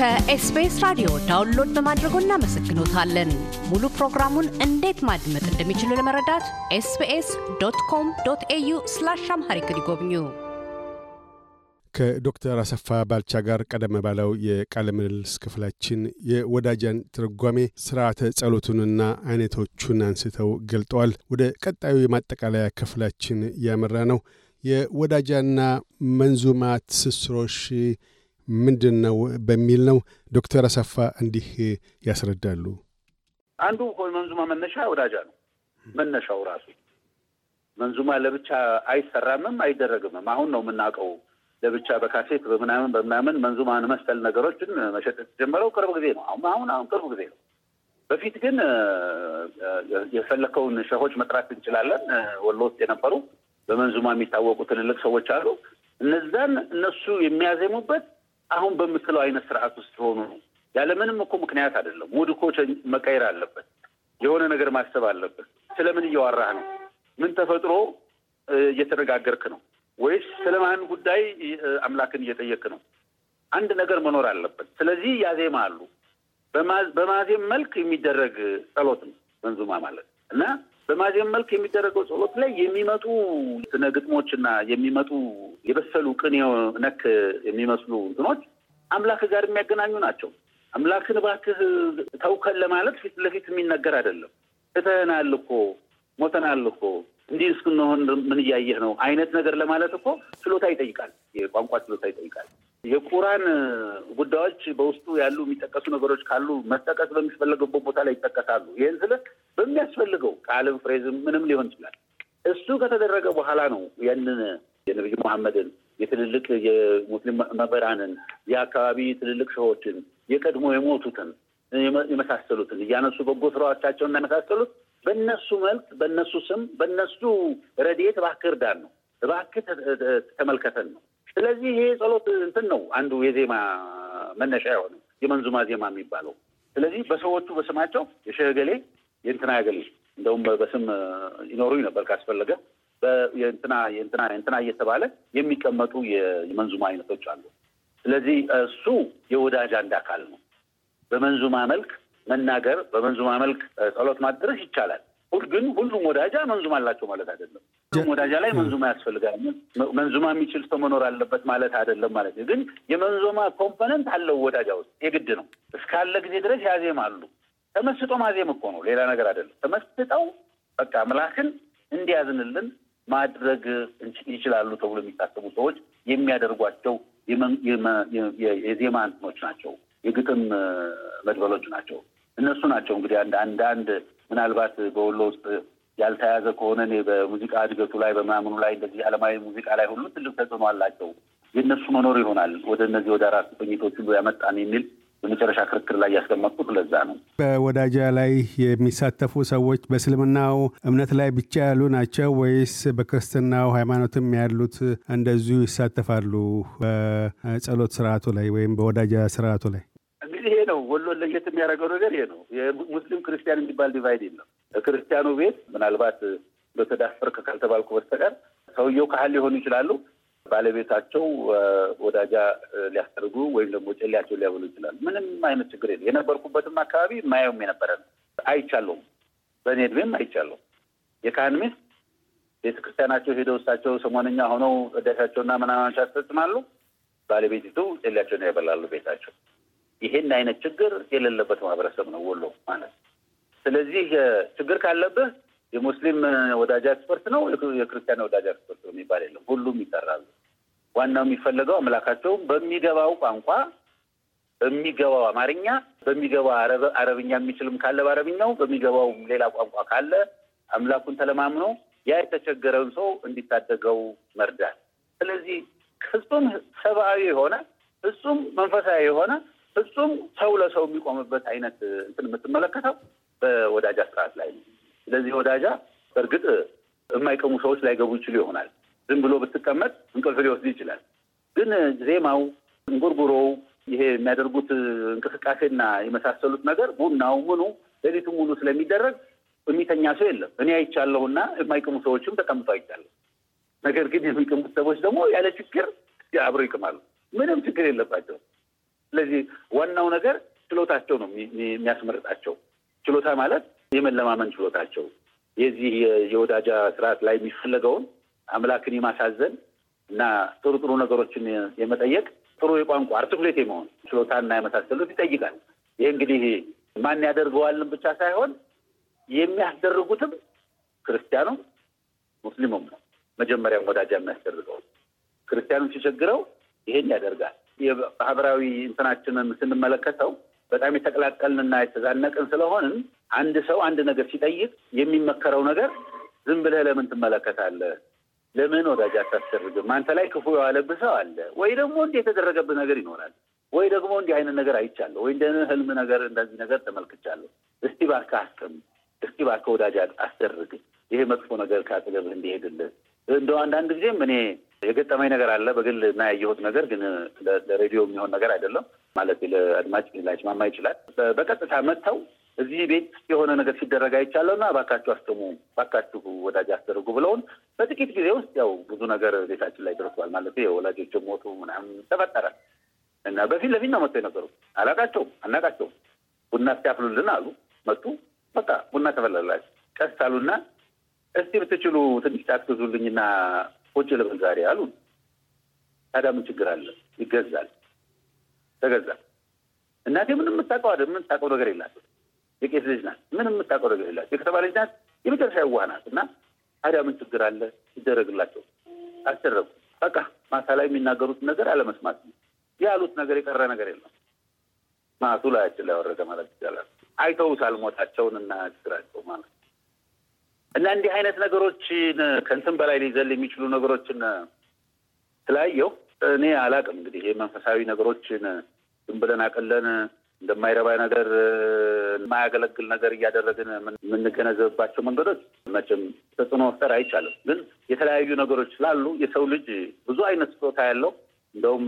ከኤስቢኤስ ራዲዮ ዳውንሎድ በማድረጎ እናመሰግኖታለን። ሙሉ ፕሮግራሙን እንዴት ማድመጥ እንደሚችሉ ለመረዳት ኤስቢኤስ ዶት ኮም ዶት ኤዩ ስላሽ አምሃሪክ ይጎብኙ። ከዶክተር አሰፋ ባልቻ ጋር ቀደም ባለው የቃለ ምልልስ ክፍላችን የወዳጃን ትርጓሜ ስርዓተ ጸሎቱንና አይነቶቹን አንስተው ገልጠዋል። ወደ ቀጣዩ የማጠቃለያ ክፍላችን ያመራ ነው። የወዳጃና መንዙማ ትስስሮሽ ምንድን ነው በሚል ነው። ዶክተር አሰፋ እንዲህ ያስረዳሉ። አንዱ መንዙማ መነሻ ወዳጃ ነው። መነሻው ራሱ መንዙማ ለብቻ አይሰራምም አይደረግምም። አሁን ነው የምናውቀው ለብቻ በካሴት በምናምን በምናምን መንዙማን መሰል ነገሮችን መሸጥ የተጀመረው ቅርብ ጊዜ ነው። አሁን አሁን አሁን ቅርብ ጊዜ ነው። በፊት ግን የፈለከውን ሸሆች መጥራት እንችላለን። ወሎ ውስጥ የነበሩ በመንዙማ የሚታወቁ ትልልቅ ሰዎች አሉ። እነዛን እነሱ የሚያዜሙበት አሁን በምትለው አይነት ስርዓት ውስጥ ሆኑ ነው። ያለምንም እኮ ምክንያት አይደለም። ሙድ እኮ መቀየር አለበት። የሆነ ነገር ማሰብ አለበት። ስለምን እያወራህ ነው? ምን ተፈጥሮ እየተነጋገርክ ነው? ወይስ ስለማን ጉዳይ አምላክን እየጠየክ ነው? አንድ ነገር መኖር አለበት። ስለዚህ ያዜማ አሉ። በማዜም መልክ የሚደረግ ጸሎት ነው መንዙማ ማለት እና በማዜም መልክ የሚደረገው ጸሎት ላይ የሚመጡ ስነ ግጥሞችና የሚመጡ የበሰሉ ቅኔ ነክ የሚመስሉ እንትኖች አምላክ ጋር የሚያገናኙ ናቸው። አምላክን እባክህ ተውከን ለማለት ፊት ለፊት የሚነገር አይደለም። እተህናል እኮ ሞተናል እኮ እንዲህ እስክንሆን ምን እያየህ ነው አይነት ነገር ለማለት እኮ ችሎታ ይጠይቃል። የቋንቋ ችሎታ ይጠይቃል። የቁራን ጉዳዮች በውስጡ ያሉ የሚጠቀሱ ነገሮች ካሉ መጠቀስ በሚፈለገበት ቦታ ላይ ይጠቀሳሉ። ይህን ስለ በሚያስፈልገው ቃልም፣ ፍሬዝም ምንም ሊሆን ይችላል። እሱ ከተደረገ በኋላ ነው ያንን የነቢይ መሐመድን የትልልቅ የሙስሊም መምህራንን የአካባቢ ትልልቅ ሰዎችን የቀድሞ የሞቱትን የመሳሰሉትን እያነሱ በጎ ስራዎቻቸውና የመሳሰሉት በእነሱ መልክ በእነሱ ስም በእነሱ ረድኤት እባክህ እርዳን ነው እባክህ ተመልከተን ነው። ስለዚህ ይሄ ጸሎት እንትን ነው አንዱ የዜማ መነሻ የሆነ የመንዙማ ዜማ የሚባለው። ስለዚህ በሰዎቹ በስማቸው የሸገሌ የእንትና ያገሌ እንደውም በስም ይኖሩኝ ነበር ካስፈለገ የእንትና የእንትና የእንትና እየተባለ የሚቀመጡ የመንዙማ አይነቶች አሉ። ስለዚህ እሱ የወዳጅ አንድ አካል ነው። በመንዙማ መልክ መናገር፣ በመንዙማ መልክ ጸሎት ማድረስ ይቻላል። ግን ሁሉም ወዳጃ መንዙማ አላቸው ማለት አይደለም። ሁሉም ወዳጃ ላይ መንዙማ ያስፈልጋል። መንዙማ የሚችል ሰው መኖር አለበት ማለት አይደለም ማለት ነው። ግን የመንዙማ ኮምፖነንት አለው ወዳጃ ውስጥ የግድ ነው። እስካለ ጊዜ ድረስ ያዜም አሉ። ተመስጦ ማዜም እኮ ነው፣ ሌላ ነገር አይደለም። ተመስጠው በቃ ምላክን እንዲያዝንልን ማድረግ ይችላሉ ተብሎ የሚታሰቡ ሰዎች የሚያደርጓቸው የዜማ እንትኖች ናቸው፣ የግጥም መድበሎች ናቸው። እነሱ ናቸው እንግዲህ አንድ ምናልባት በወሎ ውስጥ ያልተያዘ ከሆነ እኔ በሙዚቃ እድገቱ ላይ በምናምኑ ላይ እንደዚህ ዓለማዊ ሙዚቃ ላይ ሁሉ ትልቅ ተጽዕኖ አላቸው። የእነሱ መኖር ይሆናል ወደ እነዚህ ወደ አራት ቅኝቶች ሁሉ ያመጣን የሚል በመጨረሻ ክርክር ላይ ያስቀመጥኩት ለዛ ነው። በወዳጃ ላይ የሚሳተፉ ሰዎች በእስልምናው እምነት ላይ ብቻ ያሉ ናቸው ወይስ በክርስትናው ሃይማኖትም ያሉት እንደዚሁ ይሳተፋሉ? በጸሎት ስርዓቱ ላይ ወይም በወዳጃ ስርዓቱ ላይ እንግዲህ ይሄ ነው ወሎ ለየት የሚያደርገው ነገር ይሄ ነው። የሙስሊም ክርስቲያን የሚባል ዲቫይድ የለም። ክርስቲያኑ ቤት ምናልባት በተዳፈርክ ካልተባልኩ በስተቀር ሰውየው ካህል ሊሆኑ ይችላሉ ባለቤታቸው ወዳጃ ሊያስደርጉ ወይም ደግሞ ጨሌያቸው ሊያበሉ ይችላል። ምንም አይነት ችግር የለ። የነበርኩበትም አካባቢ ማየውም የነበረ ነው። አይቻለሁም። በእኔ እድሜም አይቻለሁ። የካህን ሚስት ቤተክርስቲያናቸው ሄደው እሳቸው ሰሞነኛ ሆነው እዳሻቸውና መናማንሻ ያስፈጽማሉ። ባለቤቲቱ ጨሌያቸውን ያበላሉ ቤታቸው። ይሄን አይነት ችግር የሌለበት ማህበረሰብ ነው ወሎ ማለት። ስለዚህ ችግር ካለብህ የሙስሊም ወዳጅ ኤክስፐርት ነው፣ የክርስቲያን ወዳጅ ኤክስፐርት ነው የሚባል የለም። ሁሉም ይጠራሉ። ዋናው የሚፈለገው አምላካቸው በሚገባው ቋንቋ በሚገባው አማርኛ በሚገባው አረብኛ የሚችልም ካለ በአረብኛው በሚገባው ሌላ ቋንቋ ካለ አምላኩን ተለማምኖ ያ የተቸገረውን ሰው እንዲታደገው መርዳት። ስለዚህ ፍጹም ሰብአዊ የሆነ ፍጹም መንፈሳዊ የሆነ ፍጹም ሰው ለሰው የሚቆምበት አይነት እንትን የምትመለከተው በወዳጃ ስርዓት ላይ ነው። ስለዚህ ወዳጃ በእርግጥ የማይቀሙ ሰዎች ላይገቡ ይችሉ ይሆናል። ዝም ብሎ ብትቀመጥ እንቅልፍ ሊወስድ ይችላል። ግን ዜማው፣ እንጉርጉሮው፣ ይሄ የሚያደርጉት እንቅስቃሴና የመሳሰሉት ነገር ቡናው፣ ምኑ ሌሊቱ ሙሉ ስለሚደረግ የሚተኛ ሰው የለም። እኔ አይቻለሁና የማይቅሙ ሰዎችም ተቀምጦ አይቻለሁ። ነገር ግን የሚቅሙት ሰዎች ደግሞ ያለ ችግር አብረው ይቅማሉ። ምንም ችግር የለባቸው። ስለዚህ ዋናው ነገር ችሎታቸው ነው የሚያስመርጣቸው። ችሎታ ማለት የመለማመን ችሎታቸው የዚህ የወዳጃ ስርዓት ላይ የሚፈለገውን አምላክን የማሳዘን እና ጥሩ ጥሩ ነገሮችን የመጠየቅ ጥሩ የቋንቋ አርቲኩሌት የመሆን ችሎታና የመሳሰሉት ይጠይቃል። ይህ እንግዲህ ማን ያደርገዋልን ብቻ ሳይሆን የሚያስደርጉትም ክርስቲያኑም ሙስሊሙም ነው። መጀመሪያም ወዳጃ የሚያስደርገው ክርስቲያኑም ሲቸግረው ይሄን ያደርጋል። የማህበራዊ እንትናችንን ስንመለከተው በጣም የተቀላቀልንና የተዛነቅን ስለሆንን አንድ ሰው አንድ ነገር ሲጠይቅ የሚመከረው ነገር ዝም ብለህ ለምን ትመለከታለህ ለምን ወዳጅ አታስደርግም? አንተ ላይ ክፉ የዋለብህ ሰው አለ ወይ ደግሞ እንዲህ የተደረገብህ ነገር ይኖራል ወይ ደግሞ እንዲህ አይነት ነገር አይቻለሁ ወይ እንደ ህልም ነገር እንደዚህ ነገር ተመልክቻለሁ። እስቲ እባክህ አስቀም፣ እስቲ እባክህ ወዳጅ አስደርግ፣ ይሄ መጥፎ ነገር ከአጠገብህ እንዲሄድልህ። እንደው አንዳንድ ጊዜም እኔ የገጠመኝ ነገር አለ በግል እና ያየሁት ነገር ግን ለሬዲዮ የሚሆን ነገር አይደለም ማለት ለአድማጭ ላይስማማ ይችላል። በቀጥታ መጥተው እዚህ ቤት የሆነ ነገር ሲደረግ አይቻለሁ እና ባካችሁ አስተሙ ባካችሁ ወዳጅ አስደርጉ ብለውን በጥቂት ጊዜ ውስጥ ያው ብዙ ነገር ቤታችን ላይ ደርሷል። ማለት የወላጆች ሞቱ ምናምን ተፈጠረ እና በፊት ለፊት ነው መቶ የነበሩ አላቃቸውም፣ አናቃቸውም። ቡና እስኪያፍሉልን አሉ መጡ። በቃ ቡና ተፈላላች ቀስ አሉና እስቲ ብትችሉ ትንሽ ጫት ግዙልኝና ቁጭ ልበል ዛሬ አሉ። ታዲያ ምን ችግር አለ? ይገዛል። ተገዛ። እናቴ ምንም የምታውቀው አይደል፣ የምታውቀው ነገር የላትም የቄስ ልጅ ናት። ምን የምታውቀው ነገር የላት። የከተማ ልጅ ናት። የመጨረሻ የዋህ ናት። እና ታዲያ ምን ችግር አለ? ይደረግላቸው አስደረጉ። በቃ ማታ ላይ የሚናገሩት ነገር አለመስማት ነው ያሉት ነገር የቀረ ነገር የለም። ማቱ ላያችን ላይ ወረደ ማለት ይቻላል። አይተውታል ሞታቸውን እና ችግራቸው ማለት እና እንዲህ አይነት ነገሮችን ከንትን በላይ ሊዘል የሚችሉ ነገሮችን ስላየው እኔ አላቅም እንግዲህ የመንፈሳዊ ነገሮችን ዝም ብለን አቅለን እንደማይረባ ነገር የማያገለግል ነገር እያደረግን የምንገነዘብባቸው መንገዶች መቼም ተጽዕኖ መፍጠር አይቻልም። ግን የተለያዩ ነገሮች ስላሉ የሰው ልጅ ብዙ አይነት ስጦታ ያለው እንደውም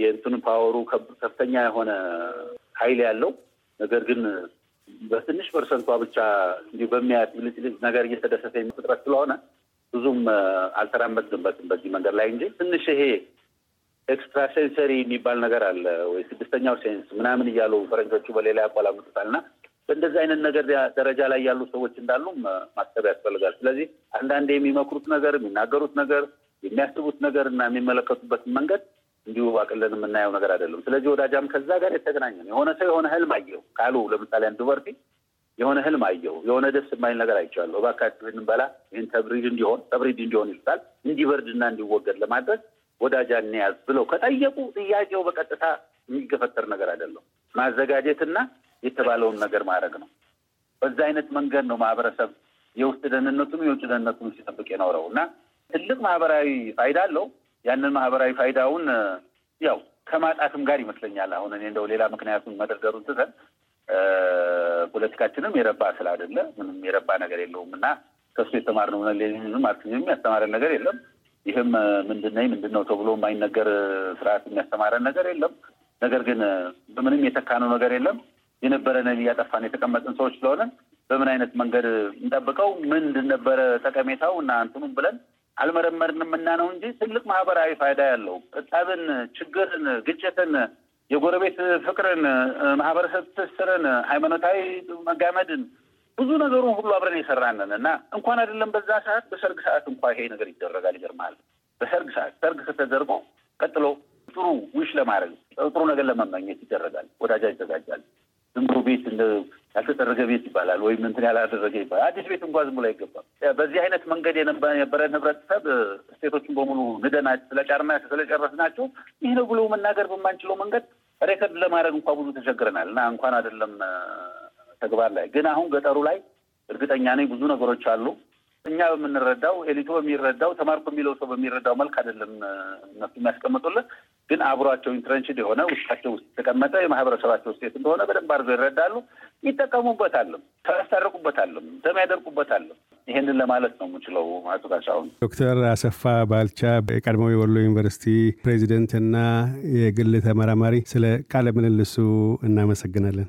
የእንትኑ ፓወሩ ከፍተኛ የሆነ ኃይል ያለው ነገር ግን በትንሽ ፐርሰንቷ ብቻ እንዲሁ በሚያያት ብልጭልጭ ነገር እየተደሰተ የሚፍጥረት ስለሆነ ብዙም አልተራመድንበትም በዚህ መንገድ ላይ እንጂ ትንሽ ይሄ ኤክስትራ ሴንሰሪ የሚባል ነገር አለ ወይ ስድስተኛው ሴንስ ምናምን እያሉ ፈረንጆቹ በሌላ ያቆላምጡታል እና በእንደዚህ አይነት ነገር ደረጃ ላይ ያሉ ሰዎች እንዳሉም ማሰብ ያስፈልጋል። ስለዚህ አንዳንዴ የሚመክሩት ነገር፣ የሚናገሩት ነገር፣ የሚያስቡት ነገር እና የሚመለከቱበትን መንገድ እንዲሁ አቅለን የምናየው ነገር አይደለም። ስለዚህ ወዳጃም ከዛ ጋር የተገናኘ ነው። የሆነ ሰው የሆነ ህልም አየው ካሉ ለምሳሌ አንዱ በርቲ የሆነ ህልም አየው የሆነ ደስ የማይል ነገር አይቻለሁ፣ እባካችሁ ይህን በላ ይህን ተብሪድ እንዲሆን ተብሪድ እንዲሆን ይሉታል እንዲበርድና እንዲወገድ ለማድረግ ወዳጅ አንያዝ ብለው ከጠየቁ ጥያቄው በቀጥታ የሚገፈጠር ነገር አይደለም። ማዘጋጀትና የተባለውን ነገር ማድረግ ነው። በዛ አይነት መንገድ ነው ማህበረሰብ የውስጥ ደህንነቱም የውጭ ደህንነቱም ሲጠብቅ የኖረው እና ትልቅ ማህበራዊ ፋይዳ አለው። ያንን ማህበራዊ ፋይዳውን ያው ከማጣትም ጋር ይመስለኛል አሁን እኔ እንደው ሌላ ምክንያቱን መደርደሩን ትተን ፖለቲካችንም የረባ ስላይደለ ምንም የረባ ነገር የለውም እና ከሱ የተማርነው ሌኒንም ማርክሲዝም የሚያስተማረን ነገር የለም። ይህም ምንድነኝ ምንድን ነው ተብሎ የማይነገር ስርዓት የሚያስተማረን ነገር የለም። ነገር ግን በምንም የተካነው ነገር የለም። የነበረንን እያጠፋን የተቀመጥን ሰዎች ስለሆነ በምን አይነት መንገድ እንጠብቀው፣ ምን ነበረ ጠቀሜታው እና እንትኑም ብለን አልመረመርንም እና ነው እንጂ ትልቅ ማህበራዊ ፋይዳ ያለው እጣብን፣ ችግርን፣ ግጭትን፣ የጎረቤት ፍቅርን፣ ማህበረሰብ ትስስርን፣ ሃይማኖታዊ መጋመድን ብዙ ነገሩን ሁሉ አብረን የሰራንን እና እንኳን አይደለም በዛ ሰዓት በሰርግ ሰዓት እንኳ ይሄ ነገር ይደረጋል። ይገርማል። በሰርግ ሰዓት ሰርግ ከተደርጎ ቀጥሎ ጥሩ ውሽ ለማድረግ ጥሩ ነገር ለመመኘት ይደረጋል። ወዳጃ ይዘጋጃል። ዝም ብሎ ቤት ያልተጠረገ ቤት ይባላል ወይም እንትን ያላደረገ ይባላል። አዲስ ቤት እንኳ ዝም ብሎ አይገባም። በዚህ አይነት መንገድ የነበረ ህብረተሰብ ስቴቶችን በሙሉ ንደና ስለጫርና ስለጨረስ ናቸው ይህ ነው ብሎ መናገር በማንችለው መንገድ ሬከርድ ለማድረግ እንኳ ብዙ ተቸግረናል እና እንኳን አይደለም ተግባር ላይ ግን አሁን ገጠሩ ላይ እርግጠኛ ነኝ ብዙ ነገሮች አሉ። እኛ በምንረዳው ኤሊቱ በሚረዳው ተማርኮ የሚለው ሰው በሚረዳው መልክ አይደለም እነሱ የሚያስቀምጡልን። ግን አብሯቸው ኢንትረንሽድ የሆነ ውስጣቸው ውስጥ የተቀመጠ የማህበረሰባቸው ውስጤት እንደሆነ በደንብ አድርገው ይረዳሉ። ይጠቀሙበታልም፣ ያስታርቁበታልም፣ ደም ያደርቁበታልም። ይህንን ለማለት ነው የምችለው። አቶ ካሳሁን። ዶክተር አሰፋ ባልቻ የቀድሞው የወሎ ዩኒቨርሲቲ ፕሬዚደንትና የግል ተመራማሪ፣ ስለ ቃለ ምልልሱ እናመሰግናለን።